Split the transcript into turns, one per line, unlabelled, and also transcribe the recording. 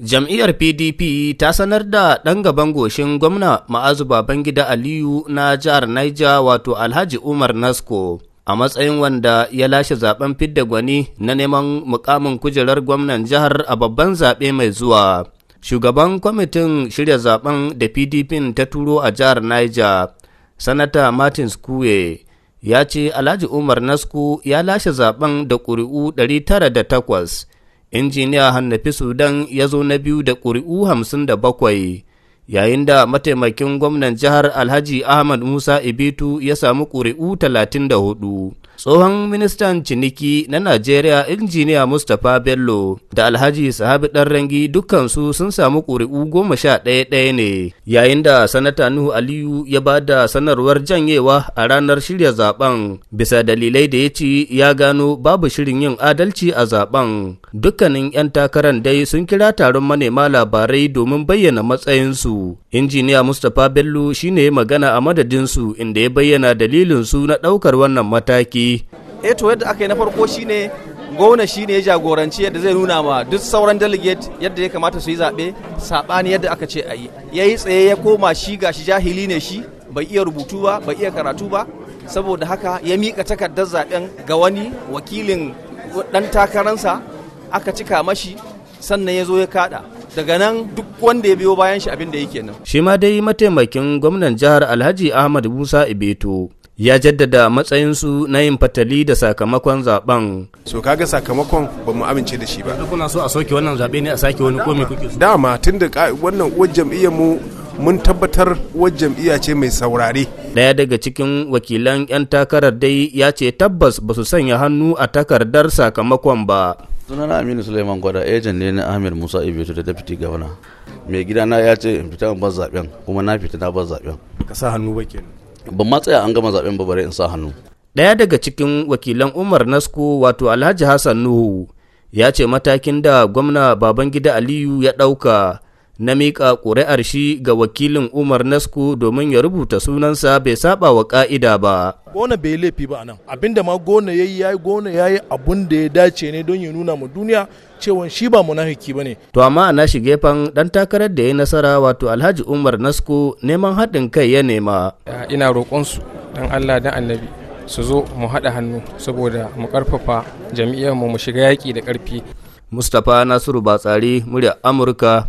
Jam'iyyar PDP ta sanar da ɗan gaban goshin gwamna ma'azu Babangida Aliyu na jihar Niger wato Alhaji Umar Nasko a matsayin wanda ya lashe zaben fidda gwani na neman mukamin kujerar gwamnan jihar a babban zaɓe mai zuwa. Shugaban kwamitin shirya zaben da PDP ta turo a jihar Niger, Sanata martin Kuye, ya ce Alhaji Umar Nasko ya lashe zaben da ƙuri'u 908. injiniya hannafi sudan ya zo na biyu da ƙuri'u hamsin da bakwai yayin da mataimakin gwamnan jihar alhaji ahmad musa ibitu ya samu ƙuri'u talatin da hudu tsohon ministan ciniki na najeriya injiniya mustapha bello da alhaji sahabi rangi dukkansu sun samu ƙuri'u goma sha ɗaya ɗaya ne yayin da sanata Nuhu Aliyu ya ba da sanarwar janyewa a ranar shirya zaben bisa dalilai da ya ci ya gano babu shirin yin adalci a zaben dukkanin 'yan takarar dai sun kira taron manema labarai domin bayyana matsayinsu injiniya Mustapha Bello shine magana a madadinsu inda ya bayyana dalilinsu na ɗaukar wannan mataki.
Eto eh, yadda aka yi na farko shine gona shi ne ya jagoranci yadda zai nuna ma duk sauran delegate yadda ya kamata su yi zaɓe saɓani yadda aka ce a yi ya yi tsaye ya koma shi ga shi jahili ne shi bai iya rubutu ba bai iya karatu ba saboda haka ya mika takardar zaɓen ga wani wakilin ɗan takararsa aka cika mashi sannan ya zo ya kaɗa daga nan duk wanda ya biyo bayan shi abin da yake nan.
Shi ma dai mataimakin gwamnan jihar Alhaji Ahmad Musa Ibeto ya jaddada matsayinsu na yin fatali da sakamakon
zaben. So kaga sakamakon ba mu amince da shi ba.
Kuna so a soke wannan zaɓe ne a sake wani
komai kuke so. Dama tun da wannan uwar jam'iyyar mu mun tabbatar uwar jam'iyya ce mai saurare.
Daya daga cikin wakilan 'yan takarar dai ya ce tabbas ba su sanya hannu a takardar sakamakon ba. Sunana Aminu Suleiman Gwada ejen ne na Ahmed Musa Ibetu da Deputy Governor. Mai gidana ya ce in fita ban zaɓen kuma na fita na ban zaɓen. Ka sa hannu ba kenan. ban ma tsaya an gama zaben ba bare in sa hannu Ɗaya daga cikin wakilan Umar Nasko wato Alhaji Hassan Nuhu ya ce matakin da gwamna Babangida Aliyu ya ɗauka na miƙa ƙuri'ar shi ga wakilin Umar Nasku domin ya rubuta sunansa bai saba wa ƙa'ida ba. Gona bai laifi ba nan abinda ma gona yayi yi gona yayi abun da ya dace ne don ya nuna mu duniya cewa shi ba ba ne. To amma a nashi gefen dan takarar da ya nasara wato Alhaji Umar Nasku neman haɗin kai ya nema. Ina roƙon su dan Allah dan Annabi su zo mu haɗa hannu saboda mu ƙarfafa jami'ar mu mu shiga yaƙi da ƙarfi. Mustapha Nasiru Batsari, murya Amurka,